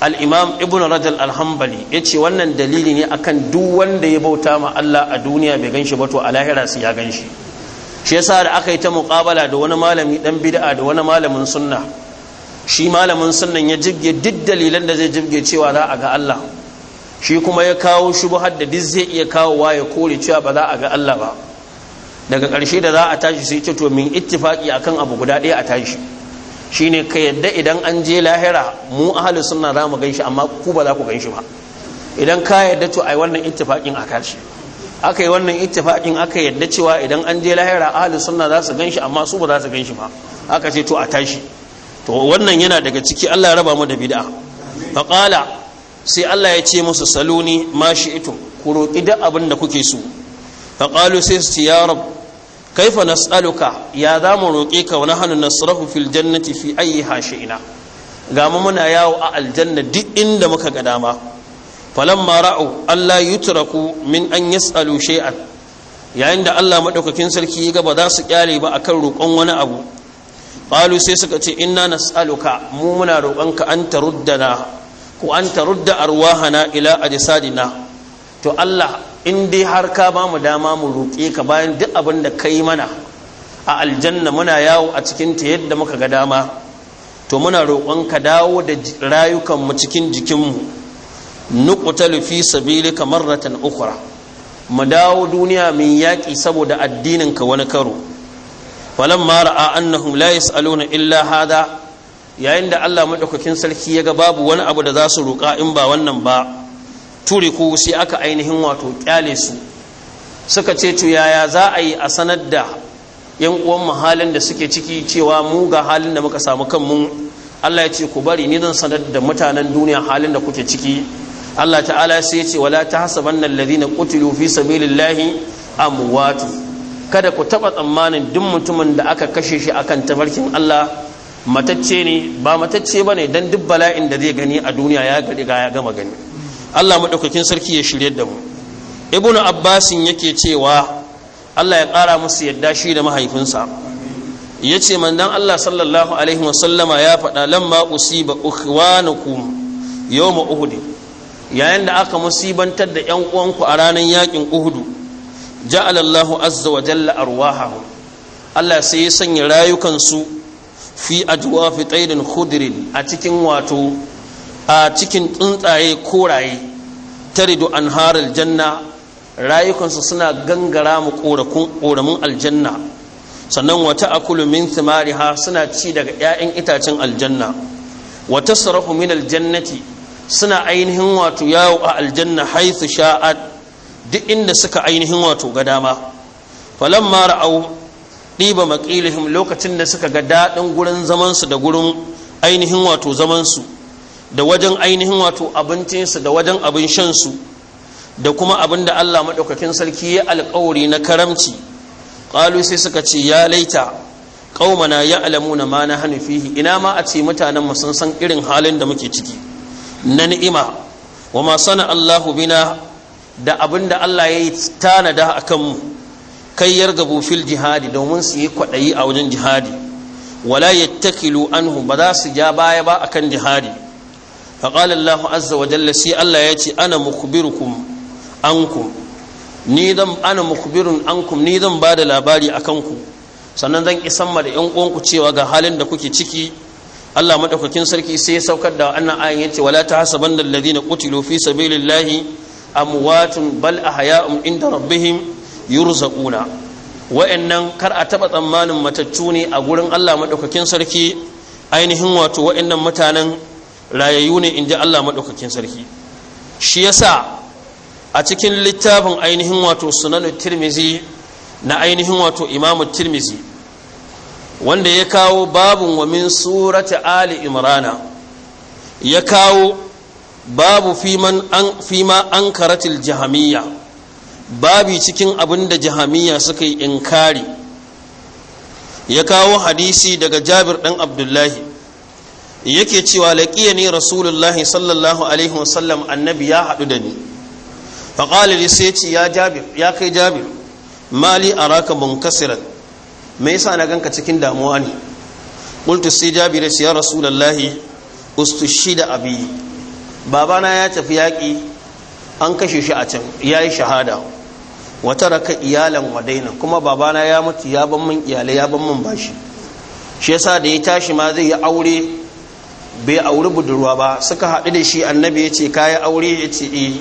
al'imam imam ibn rajal alhambali ya ce wannan dalili ne akan duk wanda ya bauta ma Allah a duniya bai ganshi ba to a lahira su ya ganshi shi yasa da aka yi ta mukabala da wani malami dan bid'a da wani malamin sunna shi malamin sunnan ya jibge duk dalilan da zai jibge cewa za a ga Allah shi kuma ya kawo shubuhar da duk zai iya kawo wa ya kore cewa ba za a ga Allah ba daga ƙarshe da za a tashi sai ce to min ittifaqi akan abu guda ɗaya a tashi shine ka yadda idan an je lahira mu ahalus sunna za mu ganshi amma ku ba za ku ganshi ba idan ka yadda to ai wannan ittifaqin a kashi aka yi wannan ittifaqin aka yadda cewa idan an je lahira ahalus sunna za su ganshi amma su ba za su ganshi ba aka ce to a tashi to wannan yana daga ciki Allah ya raba mu da bid'a faqala sai Allah ya ce musu saluni ma shi'tum ku roki duk abin da kuke so qalu sai su ya rabb kaifa nas'aluka ya za mu roƙe ka wani hannun nasarahu fil jannati fi ayi hashi'ina ga mu muna yawo a aljanna duk inda muka ga dama falan ra'u Allah yutraku min an yas'alu shay'an yayin da Allah madaukakin sarki ya ga ba za su kyale ba akan roƙon wani abu qalu sai suka ce inna nas'aluka mu muna roƙonka an taruddana ko an tarudda arwahana ila ajsadina to Allah in dai har ka ba mu dama mu roƙe ka bayan duk abin da ka yi mana a aljanna muna yawo a cikin ta yadda muka ga dama to muna roƙon ka dawo da rayukan mu cikin jikinmu nuqtalu fi sabilika marratan ukhra mu dawo duniya min yaƙi saboda addinin ka wani karo ma ra'a annahum la yas'aluna illa hada yayin da Allah madaukakin sarki ya ga babu wani abu da za su roƙa in ba wannan ba turiku sai aka ainihin wato kyale su suka ce to yaya za a yi a sanar da yan uwan mu halin da suke ciki cewa mu ga halin da muka samu kanmu Allah ya ce ku bari ni zan sanar da mutanen duniya halin da kuke ciki Allah ta'ala sai ya ce wala tahsabanna alladhina qutilu fi sabilillahi amwat kada ku taba tsammanin duk mutumin da aka kashe shi akan tafarkin Allah matacce ne ba matacce bane dan duk bala'in da zai gani a duniya ya ga ya gama gani Allah maɗaukakin sarki ya shirya da mu ibn abbasin yake cewa Allah ya ƙara musu yadda shi da mahaifinsa ya ce mandan Allah sallallahu alaihi wasallama ya faɗa lamma usiba ukhwanukum yawma uhud yayin da aka musibantar da yan uwanku a ranar yakin uhudu ja'ala Allah azza wa jalla arwahahum Allah sai ya sanya rayukansu fi ajwafi taydin khudrin a cikin wato a cikin tsuntsaye koraye taridu anhar aljanna rayukansu suna gangara mu ƙoramin aljanna sannan wata akulu min ha suna ci daga 'ya'yan itacen aljanna wata sarahu min aljannati suna ainihin wato yawo a aljanna haithu sha'ad duk inda suka ainihin wato ga dama mara au ɗiba maƙilihim lokacin da suka ga daɗin gurin zamansu da gurin ainihin wato zamansu da wajen ainihin wato abincinsu da wajen abin shansu da kuma abin da Allah maɗaukakin sarki ya alƙawari na karamci ƙalu sai suka ce ya laita ƙaumana ya alamu na ma na hannu fihi ina ma a ce mutanen mu irin halin da muke ciki na ni'ima wa ma sana Allahu bina da abin da Allah ya yi tanada a kanmu kai yargabu fil jihadi domin su yi kwaɗayi a wajen jihadi wala yattakilu anhu ba za su ja baya ba akan jihadi فقال allah ya ce ana الله يأتي ni مخبركم ana نيدم أنا ni أنكم bada labari لاباري أكنكم sannan zan isan ma da ƴan uwanku cewa ga halin da kuke ciki Allah madaukakin sarki sai ya saukar da wannan ayan yace wala tahsabanna alladhina qutilu fi sabilillahi amwatun bal ahya'un inda rabbihim yurzaquna wa'annan kar a taba tsammanin matattu ne a gurin Allah madaukakin sarki ainihin wato wa'annan mutanen rayayyu ne in ji Allah maɗaukakin sarki shi yasa a cikin littafin ainihin wato sunanin tirmizi na ainihin wato imamu tirmizi wanda ya kawo babun wa min surati ali imrana ya kawo babu fima an karatil jihamiya babi cikin abin da jihamiya suka yi inkari ya kawo hadisi daga jabir ɗan abdullahi yake cewa laƙiya ne rasulullahi sallallahu alaihi wasallam annabi ya haɗu da ni fa qala sai ce ya kai jabir mali araka munkasiran mai yasa na ganka cikin damuwa ne qultu sai jabir ya ce ya rasulullahi da abi babana ya tafi yaƙi an kashe shi a can ya yi shahada wata raka iyalan wadaina kuma babana ya mutu ya ban min iyalai ya ban min bashi shi yasa da ya tashi ma zai yi aure bai auri budurwa ba suka haɗu da shi annabi ya ce kayi aure ya ce eh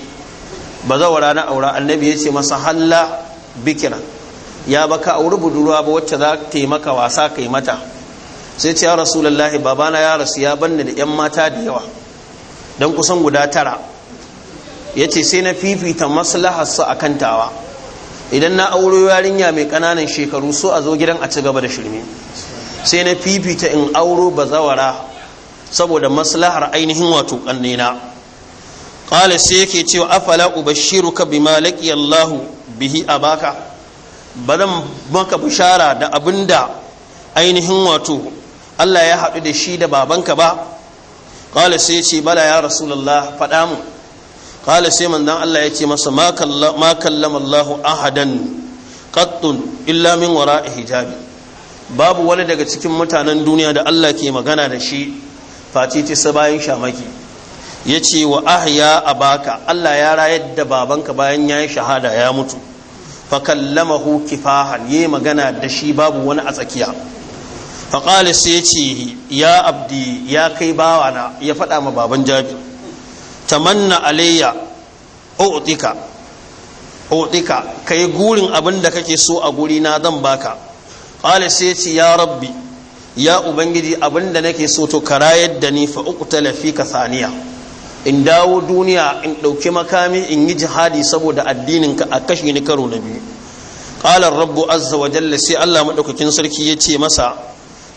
ba za wa aura annabi ya ce masa halla bikira ya baka auri budurwa ba wacce za ta yi maka wasa ka yi mata sai ce ya rasulullahi babana ya rasu ya banna da yan mata da yawa don kusan guda tara ya ce sai na fifita lahasa a kantawa idan na auro yarinya mai kananan shekaru so a zo gidan a ci gaba da shirme sai na fifita in auro zawara. saboda maslahar ainihin wato kannena qala sai yake cewa afala ubashiruka bima laqi Allah bihi abaka badan maka bishara da abinda ainihin wato Allah ya hadu da shi da babanka ba qala sai ce bala ya rasulullah fada mu qala sai manzon Allah ya ce masa ma kallama Allah ahadan qattun illa min wara'i hijabi babu wani daga cikin mutanen duniya da Allah ke magana da shi face sa bayan shamaki ya ce wa ah ya a baka Allah ya rayar da babanka bayan ya yi shahada ya mutu hu kifahan ya magana da shi babu wani a tsakiya faƙali sai ya ce ya abdi ya kai bawana ya faɗa ma baban jabi tamanna alayya u'tika u'tika kai gurin abin da kake so a guri na zan baka ƙali sai ya ce ya rabbi ya ubangiji abinda nake so to kara yadda ni fa talafi ka saniya in dawo duniya in ɗauki makami in yi jihadi saboda addinin ka a kashe ni karo na biyu qala rabbu azza wa jalla sai Allah madaukakin sarki yace masa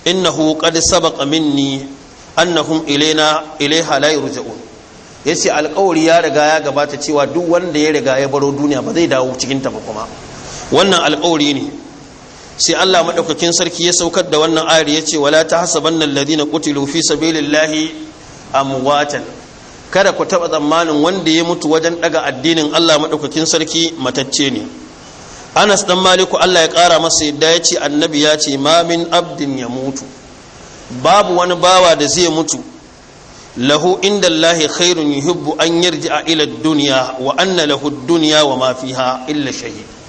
innahu qad sabaqa minni annahum ilaina ilaiha la yurja'un yace alƙawari ya riga ya gabata cewa duk wanda ya riga ya baro duniya ba zai dawo cikin ta ba kuma wannan alƙawari ne sai Allah madaukakin sarki ya saukar da wannan ayar yace wala tahsabanna alladhina qutilu fi sabilillahi amwatan kada ku taba tsammanin wanda ya mutu wajen daga addinin Allah madaukakin sarki matacce ne Anas dan Maliku Allah ya kara masa yadda yace annabi ya ce ma min abdin ya mutu babu wani bawa da zai mutu lahu inda Allahi khairun yuhibbu an yarji'a ila ad-dunya wa anna lahu ad-dunya wa ma fiha illa shahid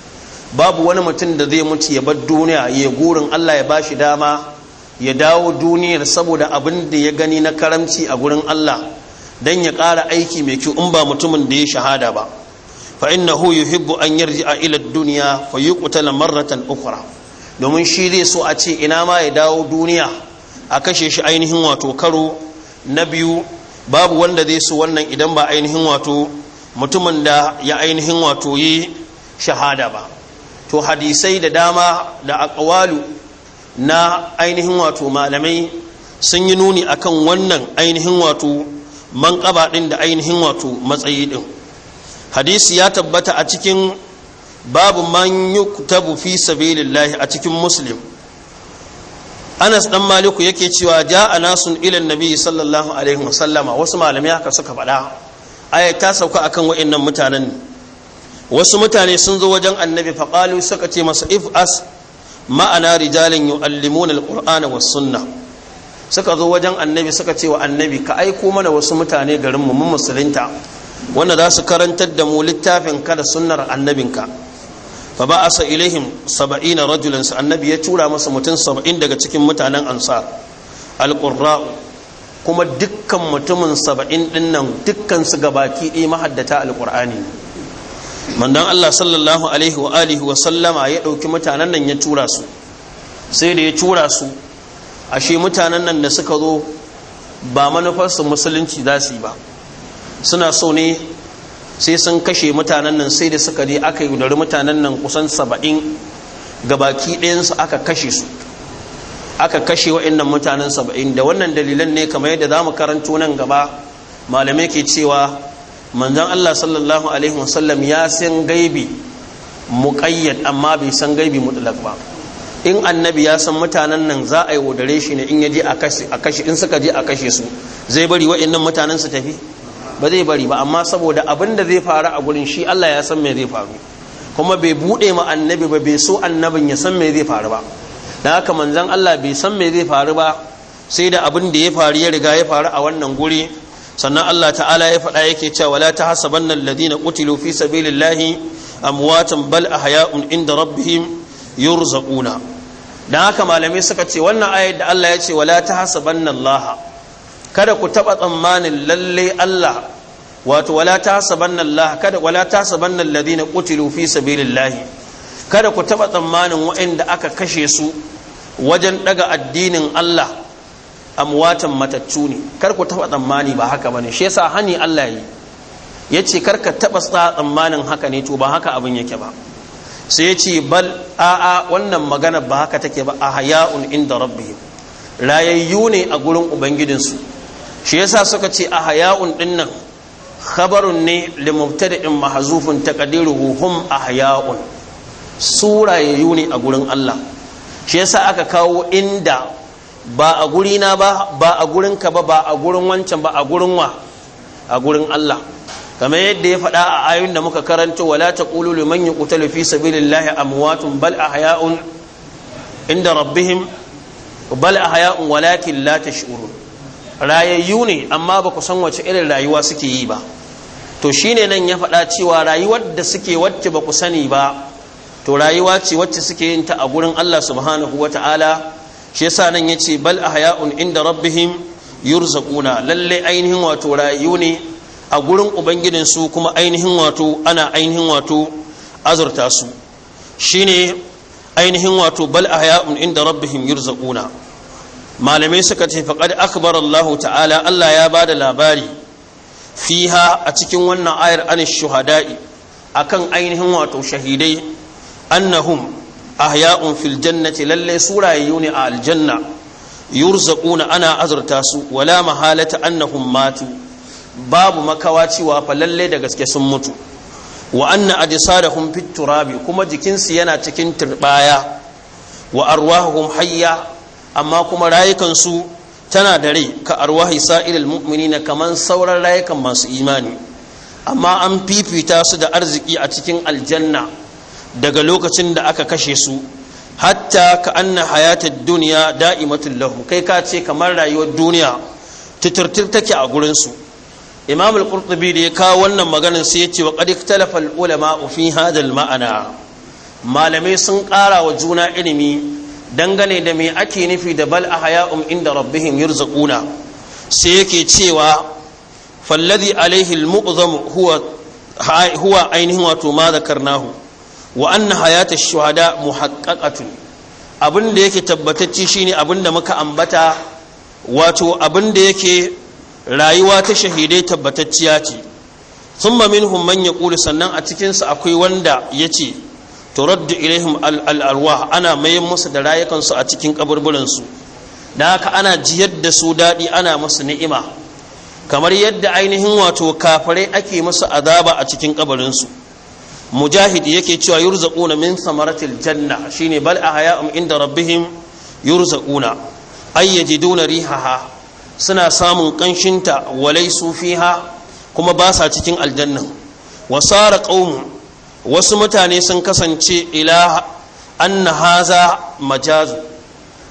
babu wani mutum da zai mutu ya bar duniya ya gurin Allah ya bashi dama ya dawo duniyar saboda abin da ya gani na karamci a gurin Allah dan ya kara aiki mai kyau in ba mutumin da ya shahada ba fa innahu hibbu an yarji'a ila ilar dunya fa yuqtala marratan ukhra domin shi zai so a ce ina ma ya dawo duniya a kashe shi ainihin wato karo na biyu babu wanda zai so wannan idan ba ainihin wato mutumin da ya ainihin wato yi shahada ba to hadisai da dama da akawalu na ainihin wato malamai sun yi nuni akan wannan ainihin wato manƙaba ɗin da ainihin wato matsayi ɗin hadisi ya tabbata a cikin babu man kutabu fi sabilillahi a cikin muslim anas ɗan maliku yake cewa ja a nasun ila nabi sallallahu alaihi wasallama wasu malamai haka suka faɗa aya ta sauka akan wa'innan mutanen wasu mutane sun zo wajen annabi faƙalu suka ce masa if as ma'ana rijalin yu'allimuna alqur'ana wa sunna suka zo wajen annabi suka ce wa annabi ka aiko mana wasu mutane garin mu mu musulunta wanda za su karantar da mu littafin ka da sunnar annabinka fa ba'asa ilaihim 70 rajulan su annabi ya tura masa mutum 70 daga cikin mutanen ansar alqurra kuma dukkan mutumin 70 din nan dukkan su gabaki ɗaya mahaddata alqur'ani mandan Allah sallallahu alaihi wa alihi wa sallama ya ɗauki mutanen nan ya tura su sai da ya tura su ashe mutanen nan da suka zo ba manufarsu musulunci za su yi ba suna so ne sai sun kashe mutanen nan sai da suka je aka yaudari mutanen nan kusan saba'in gabaki ɗayansu aka kashe su aka kashe wa'annan mutanen saba'in da wannan dalilan ne kamar yadda za mu karanto nan gaba malamai ke cewa manzon Allah sallallahu alaihi wasallam ya san gaibi muqayyad amma bai san gaibi mutlaq ba in annabi ya san mutanen nan za a yi wadare shi ne in ya je a kashe a kashe in suka je a kashe su zai bari wa'annan mutanen su tafi ba zai bari ba amma saboda abin da zai faru a gurin shi Allah ya san me zai faru kuma bai bude ma annabi ba bai so annabin ya san me zai faru ba dan haka manzon Allah bai san me zai faru ba sai da abin da ya faru ya riga ya faru a wannan guri sannan Allah ta'ala ya faɗa yake cewa wala ta tahsabanna ladina, qutilu fi sabilillahi amwatan bal ahya'un inda rabbihim yurzaquna dan haka malamai suka ce wannan ayat da Allah ya ce wala ta tahsabanna Allah kada ku taba tsammanin lalle Allah wato wala ta tahsabanna Allah kada wala ta tahsabanna ladina, qutilu fi sabilillahi kada ku taba tsammanin waɗanda aka kashe su wajen daga addinin Allah amwatan matattu ne kar ku taba tsammani ba haka bane shi yasa hani Allah yi yace kar ka taba tsammanin haka ne to ba haka abin yake ba sai yace bal a'a wannan magana ba haka take ba ahya'un inda rabbihim rayayyu ne a gurin ubangidinsu shi yasa suka ce ahya'un dinnan khabarun ne li mubtada'in mahzufun taqdiruhu hum ahya'un rayayyu ne a gurin Allah shi yasa aka kawo inda ba a gurina ba ba a gurinka ba ba a gurin wancan ba a gurin wa a gurin Allah kamar yadda ya faɗa a ayoyin da muka karanto wala taqulu liman yuqtalu fi sabilillahi amwatun bal ahya'un inda rabbihim bal ahya'un walakin la tash'urun rayayyu ne amma ba ku san wace irin rayuwa suke yi ba to shine nan ya faɗa cewa rayuwar da suke wacce ba ku sani ba to rayuwa ce wacce suke yin ta a gurin Allah subhanahu wata'ala shi yasa nan ce bal ahya'un inda rabbihim yurzaquna lalle ainihin wato rayu ne a gurin ubangijin su kuma ainihin wato ana ainihin wato azurta su shine ainihin wato bal ahya'un inda rabbihim yurzaquna malamai suka ce faqad akbar Allah ta'ala Allah ya bada labari fiha a cikin wannan ayar an shuhada'i akan ainihin wato shahidai annahum ahya'un fil jannati lalle su rayu ne a aljanna yurzaquna ana azurta su wala mahalata annahum matu babu makawa cewa fa lalle da gaske sun mutu wa anna ajsadahum fit turabi kuma jikinsu yana cikin turbaya wa arwahuhum hayya amma kuma rayukan su tana da rai ka arwahi sa'ilil mu'minina kaman sauran rayukan masu imani amma an fifita su da arziki a cikin aljanna daga lokacin da aka kashe su hatta ka anna hayatar duniya daɗi lahu kai ka ce kamar rayuwar duniya titirtir take a gurin su imam al-qurtubi da ya kawo wannan maganar sai ya ce wa qad ikhtalafa al-ulama fi maana malamai sun ƙara wa juna ilimi dangane da me ake nufi da bal ahya'um inda rabbihim yurzaquna sai yake cewa falladhi alaihi al-mu'zamu huwa huwa ainihin wato ma zakarnahu wa na hayata shuhada muhaqqaqatun abin da yake shi shine abin da muka ambata wato abin da yake rayuwa ta shahidai tabbatacciya ce min hun manya ƙuri sannan a cikinsu akwai wanda ya ce turaddu ilaihim al al'arwa ana mayan musu da rayukansu a cikin ƙaburburansu da haka ana jiyar da su daɗi ana masu ni'ima kamar yadda ainihin wato kafare ake masu azaba a cikin ƙabarinsu. mujahid yake cewa yurzaquna min samaratil janna shine bal ahya'um inda rabbihim yurzaquna ay yajiduna rihaha suna samun kanshinta walai su fiha kuma ba sa cikin aljannan wasara qaumu wasu mutane sun kasance ila anna haza majazu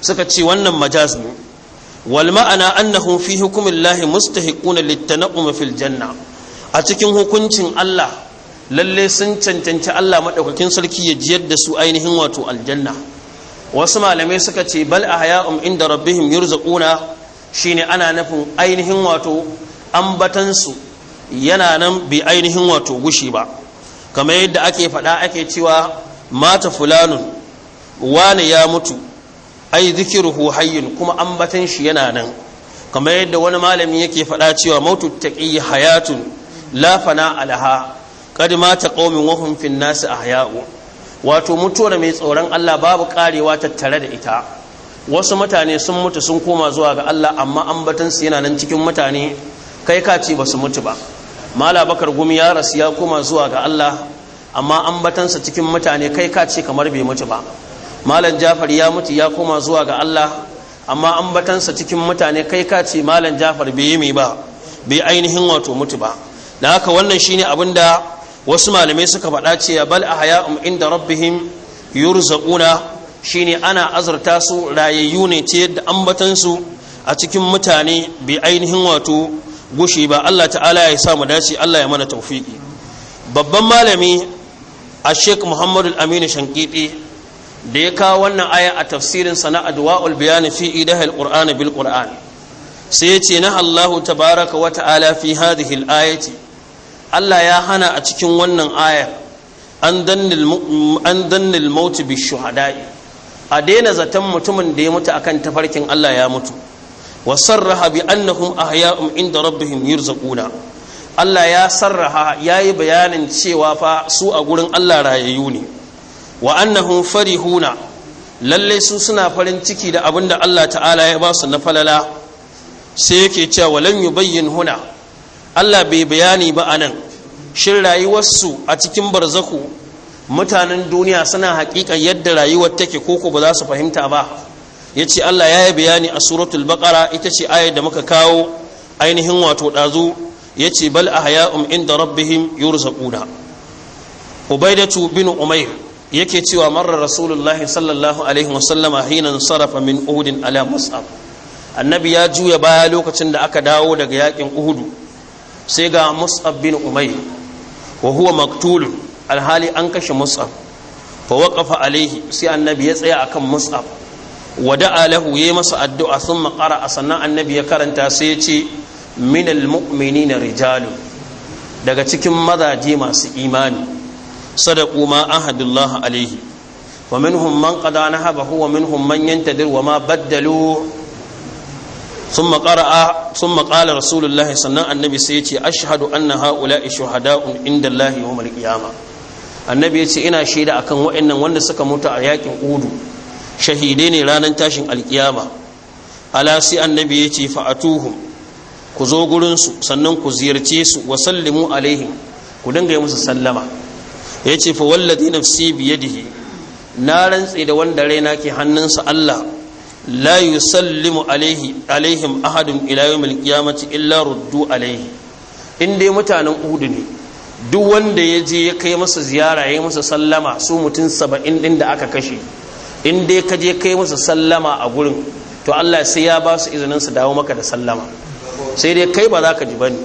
suka ce wannan majaz ne wal ma'ana annahum fi hukmillahi mustahiquna litanaqum fil janna a cikin hukuncin Allah lalle sun cancanci Allah maɗaukakin sarki ya jiyar da su ainihin wato aljanna wasu malamai suka ce bal a ahya'um inda rabbihim yurzaquna shine ana nufin ainihin wato ambatansu yana nan bi ainihin wato gushi ba kamar yadda ake faɗa ake cewa mata fulanun wane ya mutu ai zikiruhu hayyun kuma ambatan shi yana nan kamar yadda wani malami yake faɗa cewa mautu taqi hayatun la fana alaha qad mata qaumin wa hum fin nas ahya'u wato mutuwar mai tsoron Allah babu karewa tattare da ita wasu mutane sun mutu sun koma zuwa ga Allah amma ambatan su yana nan cikin mutane kai ka ce ba su mutu ba mala bakar gumi ya rasu ya koma zuwa ga Allah amma ambatan sa cikin mutane kai ka ce kamar bai mutu ba malam Jafar ya mutu ya koma zuwa ga Allah amma ambatan sa cikin mutane kai ka ce malam Jafar bai yi mai ba bai ainihin wato mutu ba da haka wannan shine abin da wasu malamai suka faɗa ce bal a haya'um inda rabbihim yurzaquna shine ana azurta su rayayyu ne ce da ambatansu a cikin mutane bi ainihin wato gushi ba Allah ta'ala ya samu dace Allah ya mana taufiki babban malami a sheik muhammadu aminu shankidi da ya kawo wannan aya a tafsirin na adwa'ul bayani fi idahil qur'ani bil qur'an sai ya ce na Allahu tabaraka wa ta'ala fi hadhihi al-ayati Allah ya hana a cikin wannan ayar an dannil mautu bi shuhada'i a daina zaton mutumin da ya mutu akan tafarkin Allah ya mutu wa sarraha bi annahum ahya'um inda rabbihim yurzaquna Allah ya sarraha ya yi bayanin cewa fa su a gurin Allah rayayyu ne wa annahum farihuna lalle su suna farin ciki da abinda Allah ta'ala ya ba su na falala sai yake cewa walan yubayyin huna Allah bai bayani ba anan shin rayuwarsu a cikin barzaku mutanen duniya suna hakika yadda rayuwar take koko ba za su fahimta ba ya ce Allah ya yi bayani a suratul bakara ita ce ayar da muka kawo ainihin wato ɗazu ya ce bal a um inda rabbihim yurzaquna ubaidatu bin umair yake cewa marar rasulullahi sallallahu alaihi wasallama hinan sarrafa min uhudin ala mus'ab annabi ya juya baya lokacin da aka dawo daga yakin uhudu sai ga mus'ab bin umayr wa huwa alhali an kashe mus'ab fa waqafa alaihi sai annabi ya tsaya akan mus'ab wa da'a lahu yayi masa addu'a thumma qara'a sannan annabi ya karanta sai ya ce min almu'minina rijalu daga cikin mazaje masu imani sadaqu ma ahadullah alaihi wa minhum man qada nahabahu wa minhum man yantadir wa ma baddalu Sun قرأ ثم sannan annabi الله صلى الله عليه وسلم أشهد أن هؤلاء شهداء عند الله يوم annabi yace ina shaida a akan wa'annan wanda suka mutu a yakin udu shahidai ne ranar tashin alkiyama Alasi sai annabi ya ce fa'atuhum ku zo gurinsu sannan ku ziyarce su wa sallimu alaihim ku dinga yi musu sallama ya ce fa wallazi nafsi biyadihi na rantse da wanda raina ke hannunsa Allah لا يسلم عليه عليهم احد الى يوم القيامه illa ruddu alaihi in dai mutanen uhudu ne duk wanda ya je ya kai masa ziyara ya masa sallama su mutum saba'in din da aka kashe in dai ka je kai masa sallama a gurin to Allah sai ya ba su izinin su dawo maka da sallama sai dai kai ba za ka ji bane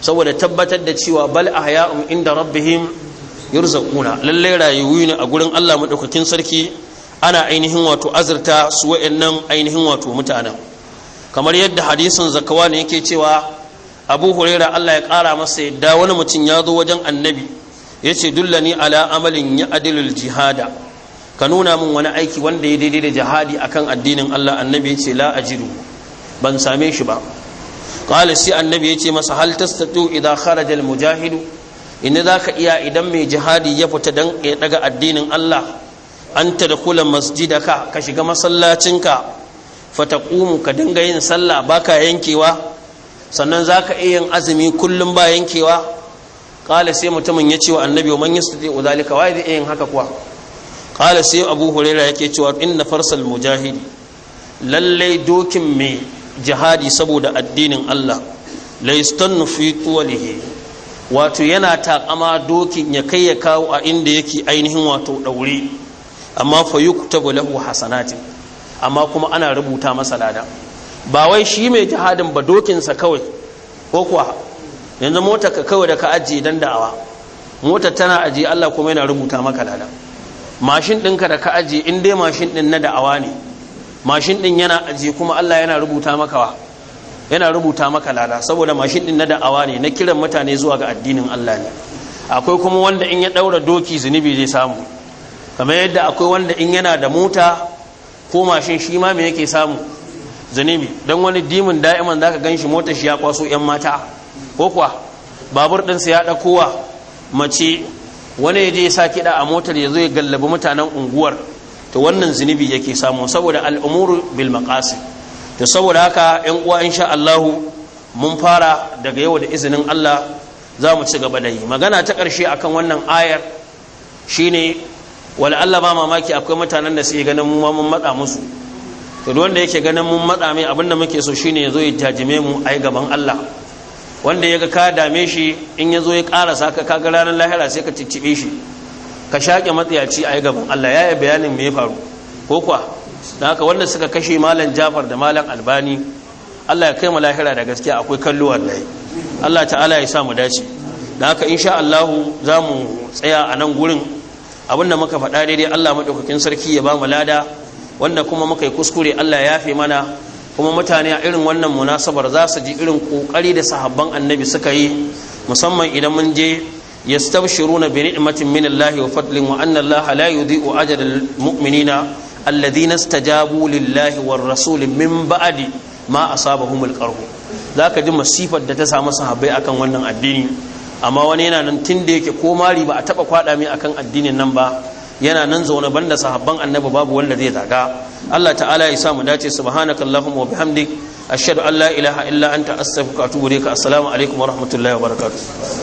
saboda tabbatar da cewa bal ahya'um inda rabbihim yurzaquna lallai rayuwa ne a gurin Allah madaukakin sarki ana ainihin wato azurta su wa'annan ainihin wato mutanen kamar yadda hadisin zakawa ne yake cewa abu huraira allah ya kara masa yadda wani mutum ya zo wajen annabi ya ce dullani ala amalin ya adilul jihada ka nuna min wani aiki wanda ya daidai da jihadi akan addinin allah annabi ya ce la ban same shi ba qala annabi ya ce masa hal tastatu idan kharaja al mujahidu inda zaka iya idan mai jihadi ya fita dan ya daga addinin allah an tadkhula masjidaka ka shiga masallacinka fataqumu ka dinga yin sallah baka yankewa sannan zaka iya yin azumi kullum ba yankewa qala sai mutumin ya ce wa annabi man yastati udhalika wa zai yin haka kuwa qala sai abu huraira yake cewa inna farsal mujahidi lallai dokin mai jihadi saboda addinin Allah laistannu fi tuwalihi wato yana takama dokin ya kai ya kawo a inda yake ainihin wato ɗaure amma fa yuktabu lahu hasanati amma kuma ana rubuta masa lada ba wai shi mai jihadin ba dokinsa kawai ko kuwa yanzu mota ka kawai da ka ajiye dan da'awa mota tana ajiye Allah kuma yana rubuta maka lada mashin ɗinka da ka ajiye in dai mashin ɗin na da'awa ne mashin ɗin yana ajiye kuma Allah yana rubuta maka rubuta maka lada saboda mashin ɗin na da'awa ne na kiran mutane zuwa ga addinin Allah ne akwai kuma wanda in ya ɗaura doki zunubi zai samu kamar yadda akwai wanda in yana da mota ko mashin shi ma me yake samu zanimi don wani dimin da'iman zaka gan shi mota shi ya kwaso yan mata ko kuwa babur ɗinsa ya ɗakowa mace wani ya je ya sa kiɗa a motar ya zo ya gallabi mutanen unguwar to wannan zunubi yake samu saboda al'umuru bil da to saboda haka yan uwa insha Allah mun fara daga yau da izinin Allah za mu ci gaba da yi magana ta ƙarshe akan wannan ayar shine wala Allah ba mamaki akwai mutanen da suke ganin mu mun matsa musu to duk wanda yake ganin mun matsa mai abin da muke so shine yazo ya jajime mu ai gaban Allah wanda ya ga ka dame shi in ya zo ya karasa ka kaga ranar lahira sai ka ciccibe shi ka shaƙe matsiyaci ai gaban Allah ya yi bayanin me ya faru ko kuwa da haka wanda suka kashe malam Jafar da malam Albani Allah ya kai mu lahira da gaskiya akwai kallo wallahi Allah ta'ala ya sa mu dace da haka insha Allah za mu tsaya a nan gurin abin da muka faɗa daidai Allah maɗaukakin sarki ya ba mu lada wanda kuma muka yi kuskure Allah ya fi mana kuma mutane a irin wannan munasabar za su ji irin ƙoƙari da sahabban annabi suka yi musamman idan mun je yastabshiruna bi na min Allah wa fadlin wa anna Allah la yudhi'u ajra al-mu'minina alladhina istajabu lillahi war rasul min ba'di ma asabahum al-qarh zaka ji masifar da ta samu sahabbai akan wannan addini amma wani yana nan tun da yake ko mari ba a taba kwada mai akan addinin nan ba yana nan zaune banda sahabban annabi babu wanda zai zaga Allah ta'ala ya sa mu dace subhanakallahumma wa bihamdik ashhadu an la ilaha illa anta astaghfiruka wa atubu ilaik assalamu alaikum wa rahmatullahi wa barakatuh